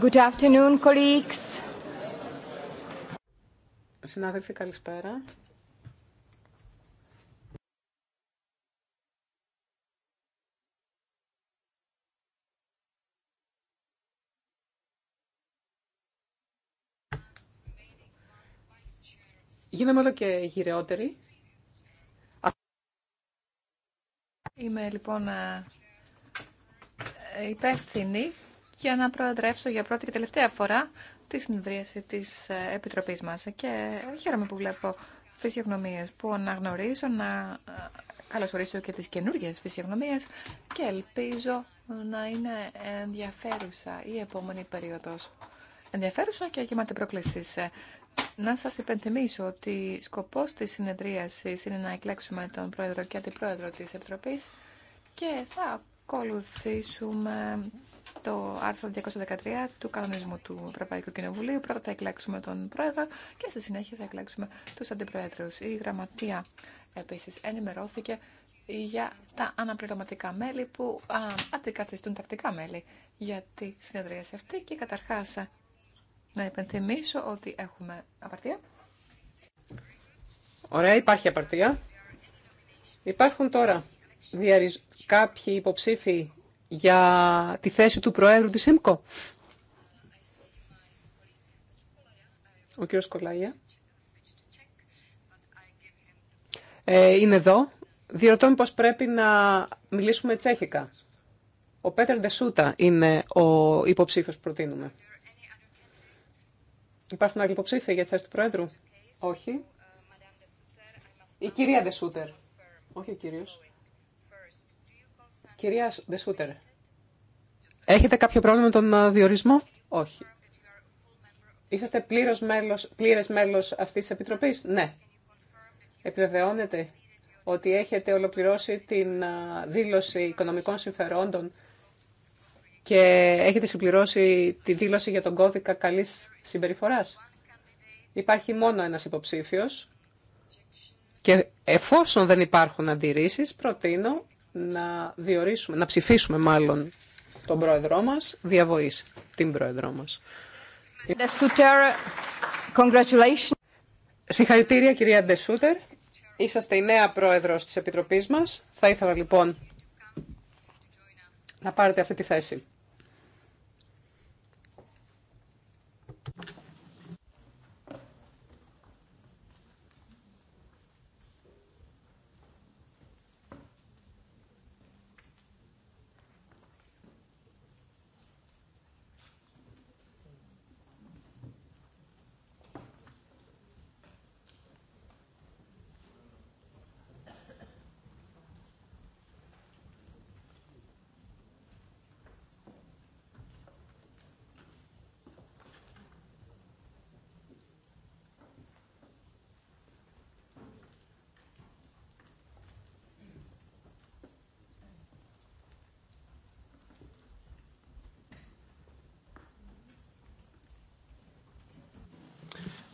Good Συνάδελφοι, καλησπέρα. Γίναμε όλο και γυρεότεροι. Είμαι λοιπόν ε, υπεύθυνη για να προεδρεύσω για πρώτη και τελευταία φορά τη συνεδρίαση της ε, Επιτροπής μας. Και χαίρομαι που βλέπω φυσιογνωμίες που αναγνωρίζω, να ε, καλωσορίσω και τις καινούργιες φυσιογνωμίες και ελπίζω να είναι ενδιαφέρουσα η επόμενη περίοδος. Ενδιαφέρουσα και γεμάτη πρόκληση. Ε, να σας υπενθυμίσω ότι σκοπός της συνεδρίασης είναι να εκλέξουμε τον Πρόεδρο και Αντιπρόεδρο της Επιτροπής και θα ακολουθήσουμε το άρθρο 213 του κανονισμού του Ευρωπαϊκού Κοινοβουλίου. Πρώτα θα εκλέξουμε τον πρόεδρο και στη συνέχεια θα εκλέξουμε τους αντιπροέδρους. Η γραμματεία επίσης ενημερώθηκε για τα αναπληρωματικά μέλη που α, αντικαθιστούν τακτικά μέλη για τη συνεδρία σε αυτή και καταρχάς να υπενθυμίσω ότι έχουμε απαρτία. Ωραία, υπάρχει απαρτία. Υπάρχουν τώρα κάποιοι υποψήφοι για τη θέση του Προέδρου της ΕΜΚΟ. Ο κύριος Κολάγια. Ε, είναι εδώ. Διερωτώ πως πρέπει να μιλήσουμε τσέχικα. Ο Πέτερ Ντεσούτα είναι ο υποψήφιος που προτείνουμε. Υπάρχουν άλλοι υποψήφοι για τη θέση του Προέδρου. Όχι. Η κυρία Ντεσούτερ. Όχι ο κύριος. Κυρία Μπεσούτερ. Έχετε κάποιο πρόβλημα με τον διορισμό? Όχι. Είσαστε πλήρες μέλος, πλήρες μέλος αυτής της Επιτροπής? Ναι. Επιβεβαιώνετε ότι έχετε ολοκληρώσει την δήλωση οικονομικών συμφερόντων και έχετε συμπληρώσει τη δήλωση για τον κώδικα καλής συμπεριφοράς. Υπάρχει μόνο ένας υποψήφιος και εφόσον δεν υπάρχουν αντιρρήσεις, προτείνω να διορίσουμε, να ψηφίσουμε μάλλον τον πρόεδρό μας, διαβοής την πρόεδρό μας. Συγχαρητήρια κυρία Ντεσούτερ. Είσαστε η νέα πρόεδρος της Επιτροπής μας. Θα ήθελα λοιπόν να πάρετε αυτή τη θέση.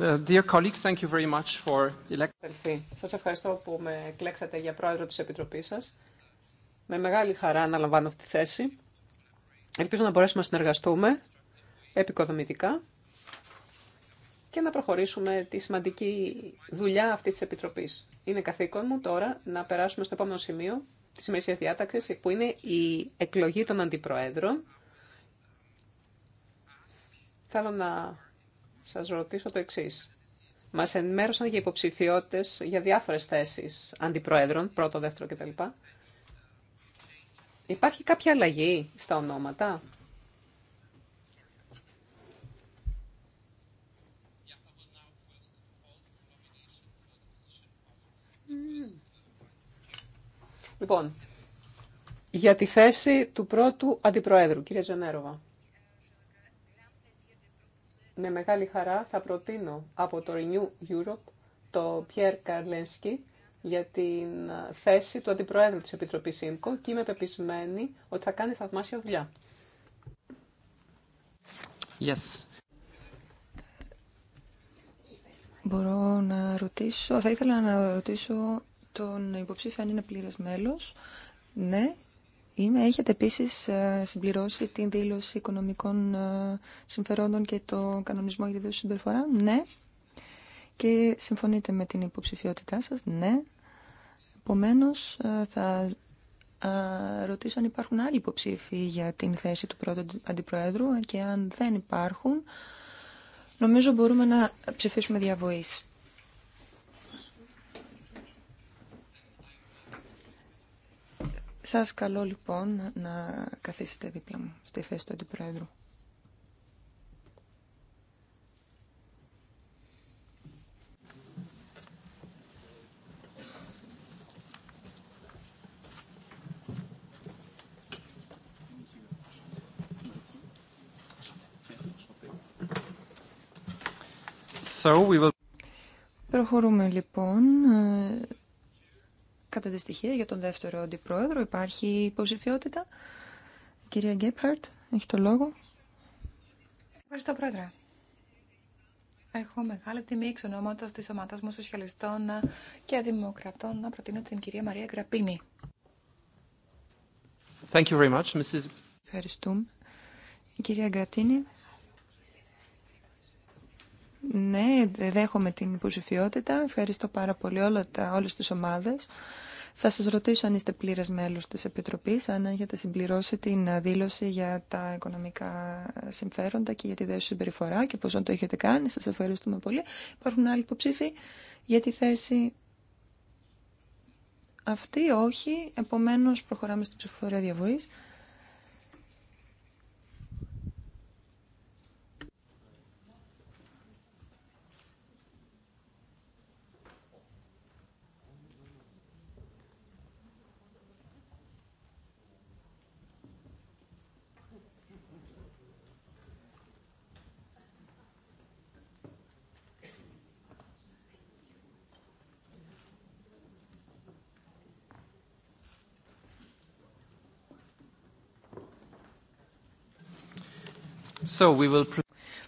Uh, dear colleagues, thank you very much for Σας ευχαριστώ που με εκλέξατε για πρόεδρο της Επιτροπής σας. Με μεγάλη χαρά αναλαμβάνω αυτή τη θέση. Ελπίζω να μπορέσουμε να συνεργαστούμε επικοδομητικά και να προχωρήσουμε τη σημαντική δουλειά αυτή τη Επιτροπή. Είναι καθήκον μου τώρα να περάσουμε στο επόμενο σημείο τη ημερησία διάταξη, που είναι η εκλογή των αντιπροέδρων. Θέλω να σας ρωτήσω το εξή. Μας ενημέρωσαν για υποψηφιότητε για διάφορες θέσεις αντιπροέδρων, πρώτο, δεύτερο κτλ. Υπάρχει κάποια αλλαγή στα ονόματα. Λοιπόν, για τη θέση του πρώτου αντιπροέδρου, κυρία Τζενέροβα με μεγάλη χαρά θα προτείνω από το Renew Europe το Pierre Καρλένσκι για την ε, θέση του Αντιπροέδρου της Επιτροπής ΣΥΜΚΟ και είμαι πεπισμένη ότι θα κάνει θαυμάσια δουλειά. Yes. Μπορώ να ρωτήσω, θα ήθελα να ρωτήσω τον υποψήφιο αν είναι πλήρες μέλος. Ναι, Είμαι, έχετε επίσης ε, συμπληρώσει την δήλωση οικονομικών ε, συμφερόντων και το κανονισμό για τη δήλωση συμπεριφορά. Ναι. Και συμφωνείτε με την υποψηφιότητά σας. Ναι. Επομένω, ε, θα ρωτήσω αν υπάρχουν άλλοι υποψήφοι για την θέση του πρώτου αντιπροέδρου και αν δεν υπάρχουν, νομίζω μπορούμε να ψηφίσουμε διαβοής. Σας καλώ λοιπόν να καθίσετε δίπλα μου στη θέση του Αντιπρόεδρου. Προχωρούμε λοιπόν Κατά τη στοιχεία για τον δεύτερο αντιπρόεδρο υπάρχει υποψηφιότητα. Η κυρία Γκέπχαρτ, έχει το λόγο. Ευχαριστώ, Πρόεδρε. Έχω μεγάλη τιμή εξ ονόματος της ομάδας μου Σοσιαλιστών και Δημοκρατών να προτείνω την κυρία Μαρία Γκραπίνη. Thank you very much, Mrs. Ευχαριστούμε. κυρία Γκρατίνη. Ναι, δέχομαι την υποψηφιότητα. Ευχαριστώ πάρα πολύ όλα τα, όλες τις ομάδες. Θα σας ρωτήσω αν είστε πλήρες μέλος της Επιτροπής, αν έχετε συμπληρώσει την δήλωση για τα οικονομικά συμφέροντα και για τη δέσου συμπεριφορά και πόσο το έχετε κάνει. Σας ευχαριστούμε πολύ. Υπάρχουν άλλοι υποψήφοι για τη θέση αυτή, όχι. Επομένως, προχωράμε στην ψηφοφορία διαβοής.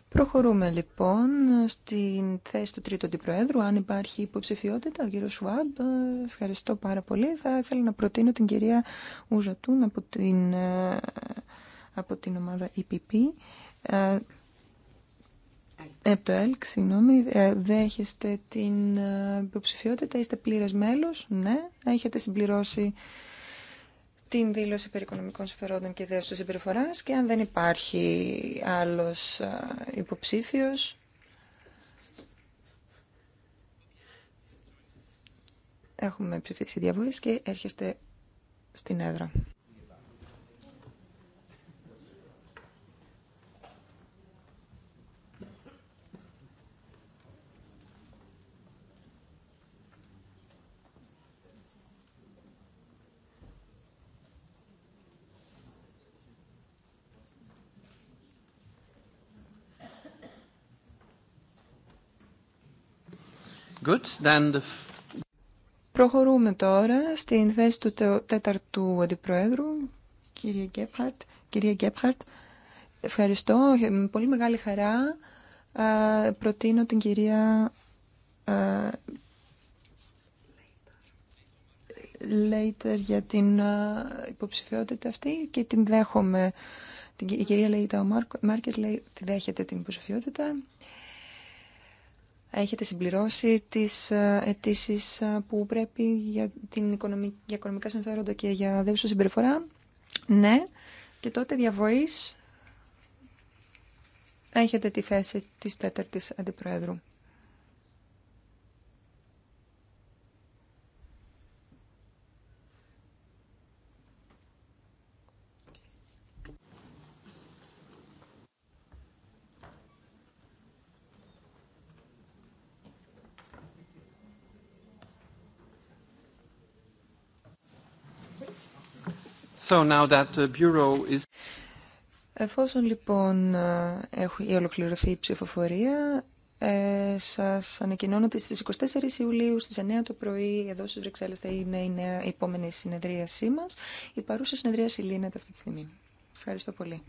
Προχωρούμε λοιπόν στην θέση του τρίτου αντιπροέδρου. Αν υπάρχει υποψηφιότητα, ο κύριο Σουάμπ, ευχαριστώ πάρα πολύ. Θα ήθελα να προτείνω την κυρία Ουζατούν από την, ε, από την ομάδα EPP. Από ε, ε, το ΕΛΚ, συγγνώμη, δέχεστε την υποψηφιότητα, είστε πλήρες μέλος, ναι, έχετε συμπληρώσει την δήλωση περί οικονομικών συμφερόντων και δέωση της συμπεριφοράς και αν δεν υπάρχει άλλος υποψήφιος έχουμε ψηφίσει διαβούλες και έρχεστε στην έδρα. Προχωρούμε τώρα στην θέση του τέταρτου αντιπροέδρου, κύριε Γκέπχαρτ. Κυρία Γκέπχαρτ, ευχαριστώ. Ε, με πολύ μεγάλη χαρά προτείνω την κυρία Λέιτερ για την υποψηφιότητα αυτή και την δέχομαι. Η κυρία Λέιτα Μάρκετ τη δέχεται την υποψηφιότητα έχετε συμπληρώσει τις ε, αιτήσει ε, που πρέπει για, την οικονομικά συμφέροντα και για δεύσου συμπεριφορά. Ναι. Και τότε διαβοής έχετε τη θέση της τέταρτης αντιπρόεδρου. So now that the uh, Bureau is... Εφόσον λοιπόν ε, έχει ολοκληρωθεί η ψηφοφορία, ε, σας ανακοινώνω ότι στις 24 Ιουλίου στις 9 το πρωί εδώ στις Βρυξέλλες θα είναι η, η επόμενη συνεδρίασή μας. Η παρούσα συνεδρίαση λύνεται αυτή τη στιγμή. Ευχαριστώ πολύ.